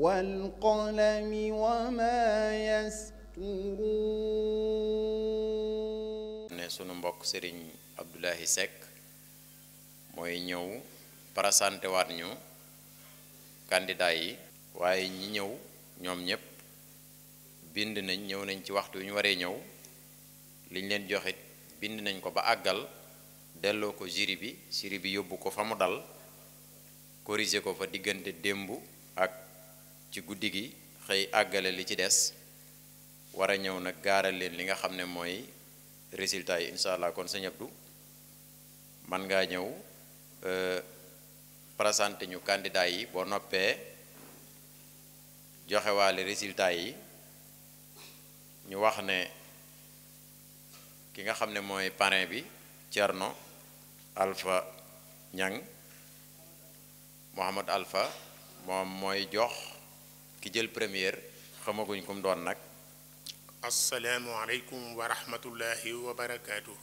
والقلم وما يسطرون ne sunu mbokk sëriñ Abdoulahi Seck mooy ñëw présenté waat ñu candidat yi waaye ñi ñëw ñoom ñëpp bind nañ ñëw nañ ci waxtu wi waree ñëw liñ leen joxit bind nañ ko ba àggal delloo ko jury bi jury bi yóbbu ko fa mu dal corriger ko fa diggante démb ak ci guddi gi xëy àggale li ci des war a ñëw nag gaaral leen li nga xam ne mooy résultat yi incha allah kon sëñ Abdu man ngaa ñëw euh, présenté ñu candidat yi boo noppee joxewaale résultat yi ñu wax ne ki nga xam ne mooy parrain bi Thierno Alpha Niang Mohamad Alpha moom mooy jox ki jël première xamaguñ kum doon nag. asalaamualeykum wa rahmatullahi wa barakaatu.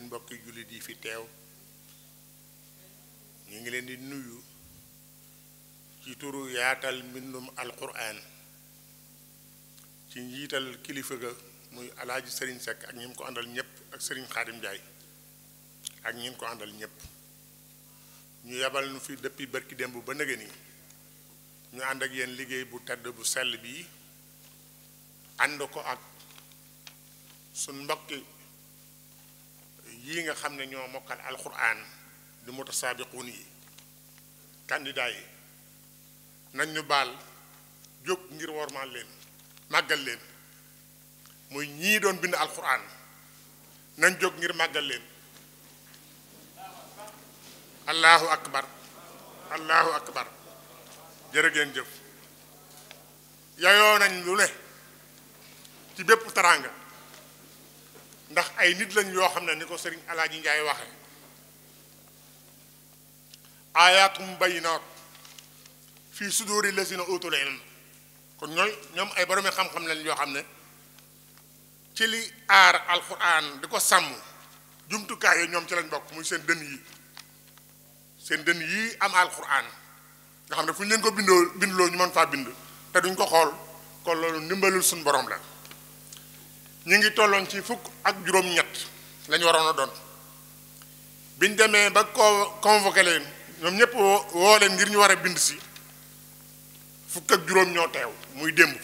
mbokki jullit yi fi teew ñu ngi leen di nuyu ci turu yaatal mbindum alquran ci njiital kilifa ga muy alaaji sëriñ Seck ak ñi mu ko àndal ñépp ak sëriñ Xaadim Njaay ak ñi ko àndal ñëpp ñu yebal nu fi depuis barki démb ba nëgë nii ñu ànd ak yéen liggéey bu tedd bu sell bii ànd ko ak su mbokki yii nga xam ne ñoo mokkal alxuraan di mutasaabiquun yi candidat yi nañ ñu baal jóg ngir wormaal leen màggal leen muy ñii doon bind alxuraan nañ jóg ngir màggal leen allahu akbar allahu akbar jërë ngeen jëf yayoo nañ lu ne ci bépp taraanga ndax ay nit lañ yoo xam ne ni ko sëriñ alaaji njaay waxe aayatum bayinaat fii suduuri lasina utul ilm kon ñooy ñoom ay boromi xam-xam lañ yoo xam ne ci li aar alxuraan di ko sàmm jumtukaay yi ñoom ci lañ bokk muy seen dënn yi seen dënn yi am alxuraan nga xam ne fu ñu leen ko bindoo bindloo ñu mën faa bind te duñ ko xool kon loolu ndimbalul suñu borom la ñu ngi tolloon ci fukk ak juróom-ñett la waroon a doon biñ demee ba ko leen ñoom ñëpp woo leen ngir ñu war a bind si fukk ak juróom ñoo teew muy démb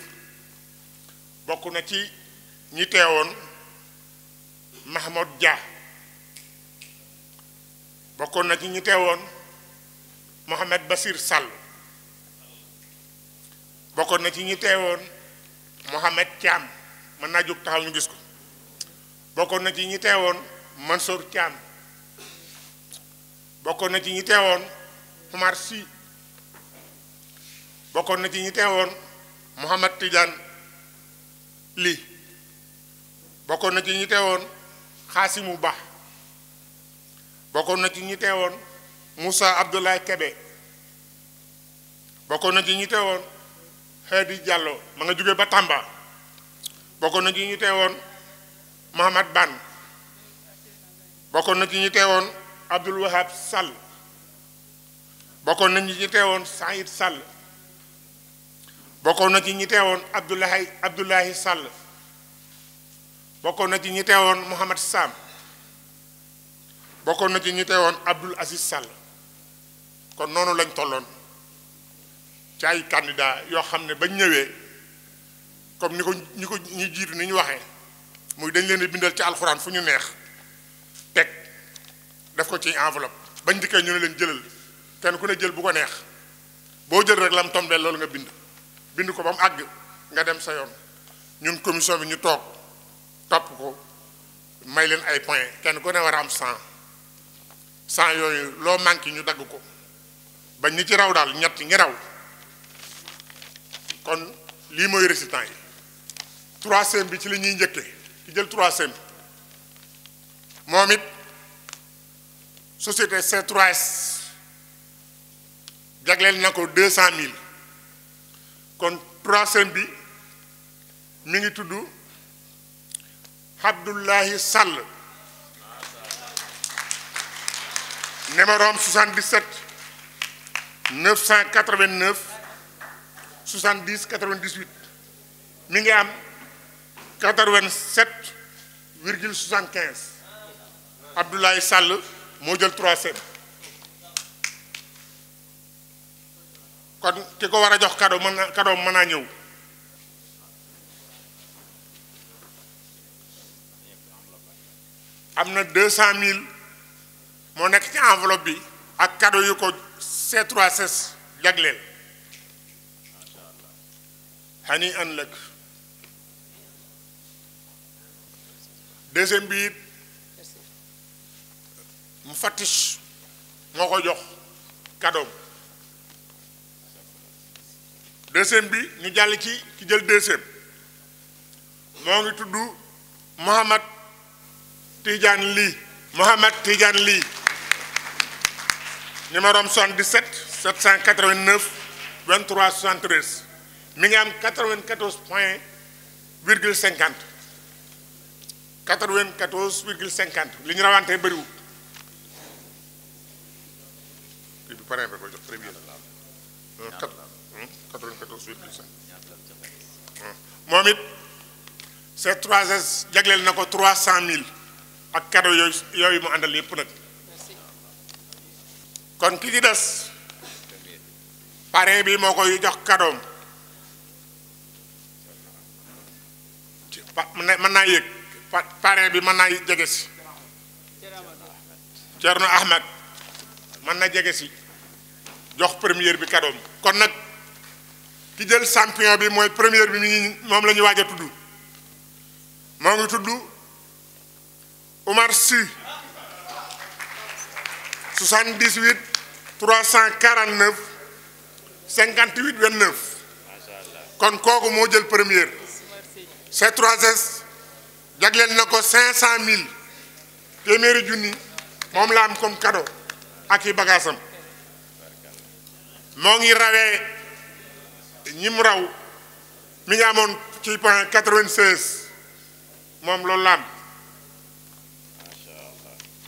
bokk na ci. ñi teewoon Mahmoud Dia bokkoon na ci ñi teewoon Mohamed Basir Sall bokkoon na ci ñi teewoon Mohamed Thiam mën naa jóg taxaw ñu gis ko bokkoon na ci ñi teewoon Mansour Thiam bokkoon na ci ñi teewoon Umar Sy bokkoon na ci ñi teewoon Mohamed Tidiane bokkoon na ci ñi teewoon xaasimu ba bokkoon na ci ñi teewoon Moussa Abdoulaye Kebe bokkoon na ci ñi teewoon Hadi Diallo ma nga jóge ba Tamba bokkoon na ci ñi teewoon Mohamad Ban bokkoon na ci ñi teewoon Abdoul Wahab Sall bokkoon na ci ñi teewoon Saïd bokkoon na ci ñi teewoon Abdoulaye Abdoulaye Sall bokkoon na ci ñi teewoon Mouhamad Sam bokkoon na ci ñi teewoon Abdoul Aziz Sall kon noonu lañ tolloon ci ay candidat yoo xam ne bañ ñëwee comme ni ko ni ko ñu jiitu ni ñu waxee muy dañ leen bindal ci alxuraan fu ñu neex teg def ko ci enveloppe bañ dikkee ñu ne leen jëlal kenn ku ne jël bu ko neex boo jël rek lam tombeel loolu nga bind bind ko ba mu àgg nga dem sa yoon ñun commission bi ñu toog topp ko may leen ay point kenn ku ne war a am 100 100 yooyu loo manqué ñu dagg ko bañ ni ci raw daal ñett ngi raw kon lii mooy résultat yi troisième bi ci la ñuy njëkke ki jël troisième moom it société C3S jagleel na ko deux cent mille kon troisième bi mi ngi tudd Abdoulaye Sall numéro am 77 989 70 98 mi ngi am 87 virgule 75 Abdoulaye Sall moo jël 3 kon ki ko war a jox cadeau mën na cadeau mën a ñëw. am na deux cent mille moo nekk ci enveloppe bi ak cadeau yu ko C3S jagleel xani an lëkk deuxième bi it mu fattish moo ko jox cadeau deuxième bi ñu jàll ci ki jël deuxième moo ngi tudd Mohamed Tidiane Ly Mohamed Tidiane Ly numéro 77 789 23 73 mi ngi am 94 point virgule 50 94 virgule 50 li ñu rawante bëriwul. kii bi parrain bi ko jox très bien 94 virgule 50 moom it c'est 3S jagleel na ko 300 000. ak cadeau yooyu yooyu mu àndal yépp nag kon ki ci des parrain bi moo koy jox cadeau mën naa yëg parrain bi mën naa jege si Thierno Ahmed mën na jege si jox première bi cadeau kon nag ki jël champion bi mooy première bi mi ngi moom la ñu tudd moo ngi tudd Omar Sy 78 349 58 29 kon kooku moo jël première C3S jagleel na ko 500000 téeméeri junni moom la am comme cadeau ak i bagaasam moo ngi rawee ñi raw mi ngi amoon ci point moom loolu la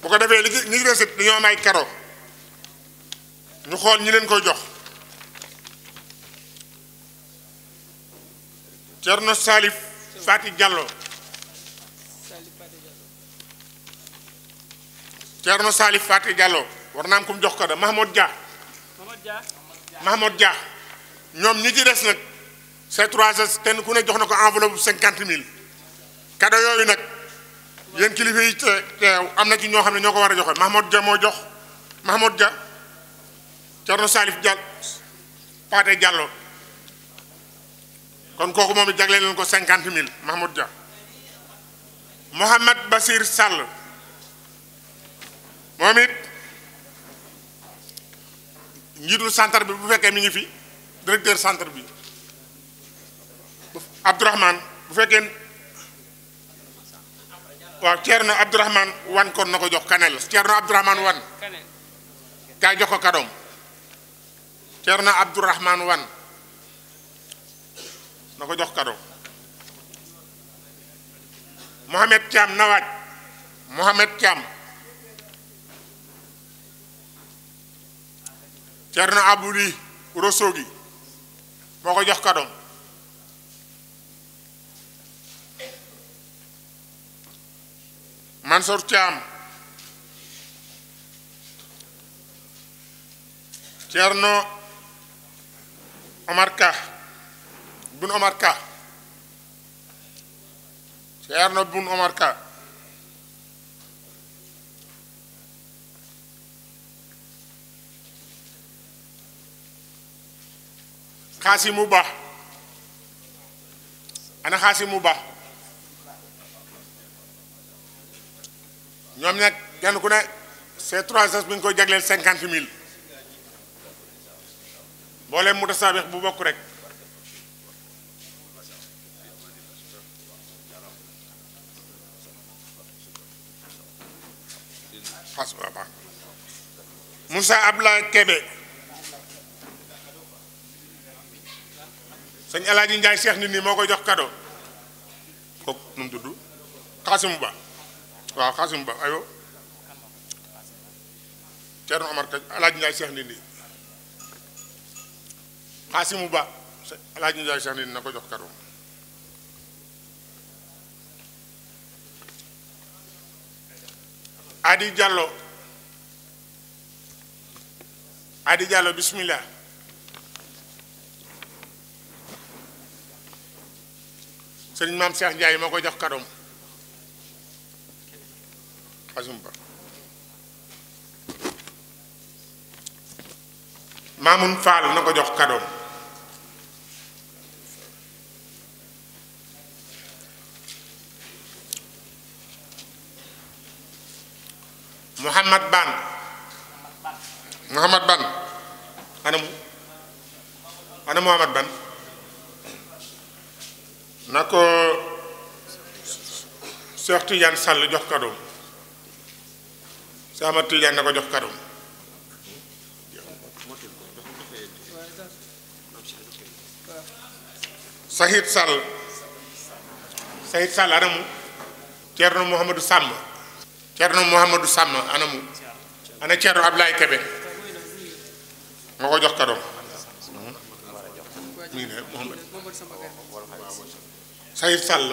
bu ko defee li ci ñi des it dañoo am ay karo ñu xool ñi leen koy jox Cerno Salif jàlloo Diallo Cerno Salif Fati Diallo war naa am ku mu jox ko da Mahmoud Dia Mahmoud jaa ñoom ñi ci des nag c'est trois kenn ku ne jox na ko enveloppe cinquante mille kado yooyu nag yéen kilifa yi teew am na ci ñoo xam ne ñoo ko war a joxe Mahmoud Dia moo jox Mahmoud Dia Thierno Salif Diall Paate Diallo kon kooku moom jagleel leen ko cinquante mille Mahmoud Dia Mohamed Basir Sall moom it njiitul centre bi bu fekkee mi ngi fi directeur centre bi Abdourahmane bu fekkee. waaw Thierno Abdourahmane wan kon na ko jox kanel Thierno Abdourahmane wan gaa jox ko kadoom Thierno na ko jox kadoom Mohamed Thiam nawaaj Mohamed Thiam Thierno moo ko jox kadoom Mansour Thiam Thierno Omar Ka Bun Omar Ka Thierno Bun Omar Ka Xaasimu Ba ana Xaasimu Ba ñoom nag kenn ku ne ces trois sas bi nga koy jagleel cinquante mille mboolem mu tasaabix bu bokk rek fas baba Moussa Abla Kébé sëñ Alaaji Njaay nii moo koy jox kado kooku nu mu tudd waaw xaasim ba ayo Ceerno Omar Kaj Alaaji Njaay Seex Ndindi xaasimu ba Alaaji Njaay Seex Ndindi na ko jox kado Adi Diallo Adi Diallo bismillah sëriñ maam Seex Njaay ma ko jox kadoom Assome Ba na ko jox kadoom Mouhamad Ban Mouhamad Ban ana mu Ban na ko Cheikh Tidiane Sall jox kadoom sa Ahmad Tijaan na ko jox kadum Sahid Sall Sahid Sall anamu Ceerno Mouhamadou Sàmm Ceerno Mouhamadou Sàmm anamu ana Ceerno Ablaye Kebe moo ko jox kadum mi ne Mouhamad Sahid Sall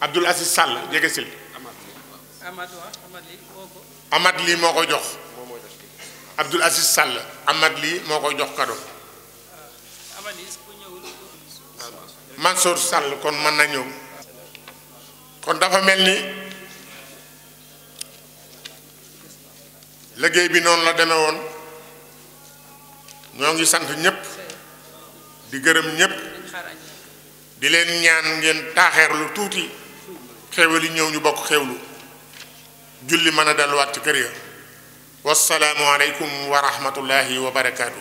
Abdoul Aziz Sall jege sil lii moo ko jox Abdoul Aziz Sall amat lii moo ko jox kado euh, Mansour Sall kon mën na ñëw kon dafa mel ni liggéey bi noonu la deme woon ñoo ngi sant ñépp di gërëm ñépp di leen ñaan ngeen taaxeer lu tuuti xéewal yi ñëw ñu bokk xéewlu julli mën a delluwaat ci kër ya wasalaamu aleykum wa rahmatullahi wa barakaatu.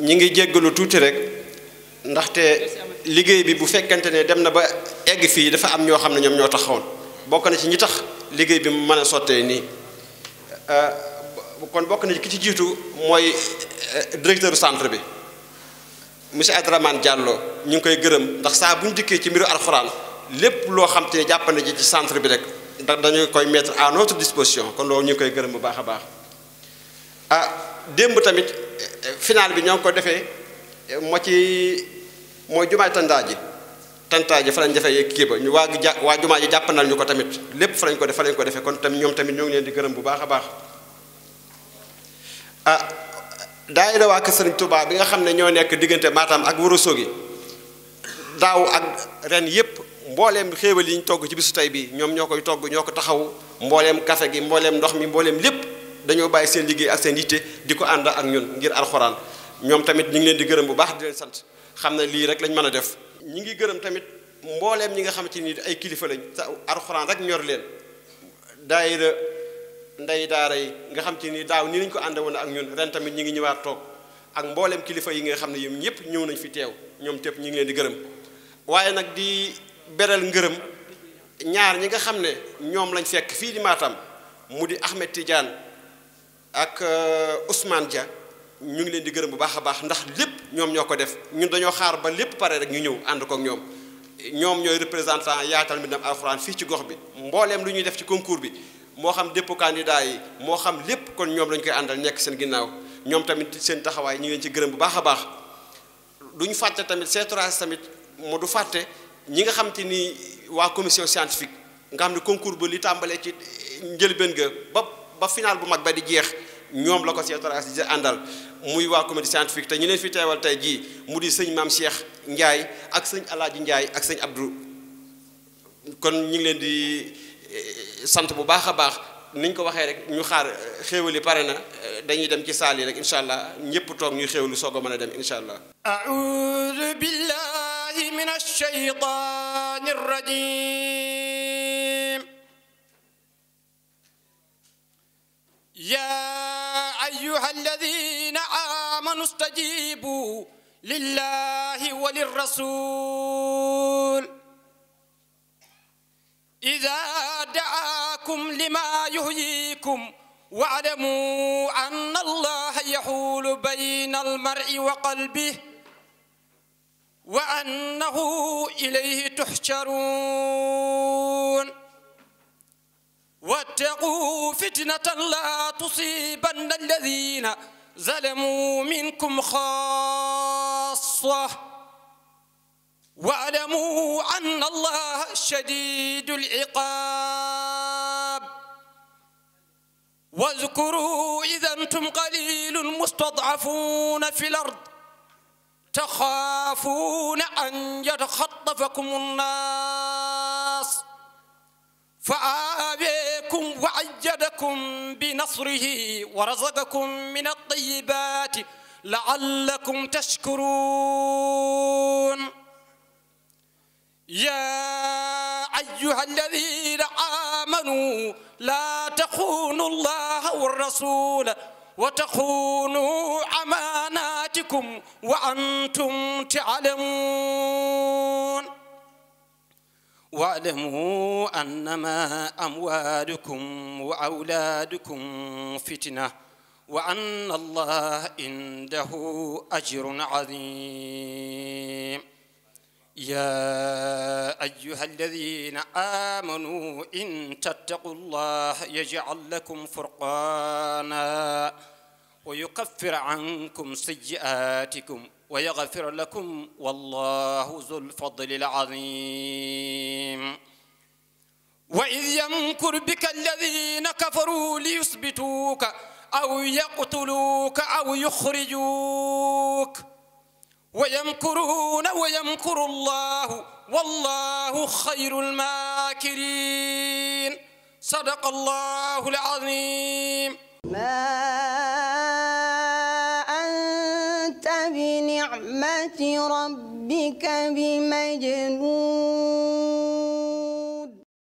ñi ngi jéggalu tuuti rek ndaxte liggéey bi bu fekkante ne dem na ba egg fii dafa am ñoo xam ne ñoom ñoo taxawoon bokk na ci ñi tax liggéey bi mu mën a sottee nii euh, kon bokk na ci ki ci jiitu mooy euh, directeur centre bi monsieur Adramane Diallo ñu ngi koy gërëm ndax saa buñ ñu dikkee ci mbiru alxuraan. lépp loo xam te jàppale ji ci centre bi rek ndax dañu koy mettre en notre disposition kon loo ñu ngi koy gërëm bu baax a baax ah démb tamit eh, final bi ñoo ngi ko defee eh, moo ci mooy jumaay tandaa ji tantaa ji fa lañ defee kii ba ñu waa ja waa jumaa ji jàppandal ñu ko tamit lépp fa ko def ko defee kon tamit ñoom tamit ñoo ngi leen di gërëm bu baax a baax ah daayira waa Kër tubaab bi nga xam ne ñoo nekk diggante Matam ak gi daaw ak ren yépp mbooleem xéewal yi ñu togg ci bisu tey bi ñoom ñoo koy togg ñoo ko taxaw mbooleem kafe gi mbooleem ndox mi mbooleem lépp dañoo bàyyi seen liggéey ak seen yitte di ko ànd ak ñun ngir alxuraan ñoom tamit ñu ngi leen di gërëm bu baax di sant xam ne lii rek lañ mën a def ñi ngi gërëm tamit mbooleem ñi nga xamante ni ay kilifa lañ te alxuraan ñor leen daayira ndey daara yi nga xam te ni daaw nii lañ ko ànd woon ak ñun ren tamit ñi ngi ñëwaat toog ak mbooleem kilifa yi nga xam ne yom ñëpp ñëw nañ fi teew ñoom tépp ñi ngi leen di gërëm waaye nag di beral ngërëm ñaar ñi nga xam ne ñoom lañ fekk fii di Matam mu di Ahmed Tidiane ak euh, Ousmane Dia ñu ngi leen di gërëm bu baax a baax ndax lépp ñoom ñoo ko def ñun dañoo xaar ba lépp pare rek ñu ñëw ànd kook ñoom ñoom ñooy représentant yaatal mbindam alxuraan fii ci gox bi mbooleem lu ñuy def ci concours bi moo xam dépp candidat yi moo xam lépp kon ñoom lañ koy àndal nekk seen ginnaaw ñoom tamit seen taxawaay ñu ngi leen ci gërëm bu baax a baax duñ fàtte tamit c tamit mu du fàtte ñi nga xam te ni waa commission scientifique nga xam ni concours ba li tàmbalee ci njëlbeen ga ba ba final bu mag ba di jeex ñoom la ko Cheikh Bara Ass di àndal muy waa comité scientifique te ñu leen fi teewal tey jii mu di sëñ maam Cheikh Ndiaye ak sëñ Alaaji Ndiaye ak sëñ Abdou kon ñu ngi leen di eh, sant bu baax a baax niñ ko waxee rek ñu xaar eh, xéewali pare na eh, dañuy dem ci saal rek incha allah ñëpp toog ñuy xéewalu soog ko mën a dem incha allah. من الشيطان الرجيم يا أيها الذين آمنوا استجيبوا لله وللرسول إذا دعاكم لما يهيكم واعلموا أن الله يحول بين المرء وقلبه wa annahu ilayhi tuhsharun wattaqu fitnatan la tusibanna alladhina zalamu minkum khassa واعلموا أن الله شديد العقاب واذكروا إذا أنتم قليل مستضعفون في الأرض تخافون أن يتخطفكم الناس فآبيكم وأيدكم بنصره ورزقكم من الطيبات لعلكم تشكرون يا أيها الذين آمنوا لا تخونوا الله والرسول وتخونوا أماناتكم وأنتم تعلمون واعلموا أنما أموالكم وأولادكم فتنة وأن الله عنده أجر عظيم يا أيها الذين آمنوا إن تتقوا الله يجعل لكم فرقانا ويكفر عنكم سيئاتكم ويغفر لكم والله ذو الفضل العظيم وإذ يمكر بك الذين كفروا ليثبتوك أو يقتلوك أو يخرجوك wa yamkuruuna wa yamkuru allahu wallahu xayrul maakiriin sadaqa allahu al-aziim maa anta bi ni'mati rabbika bi majnuun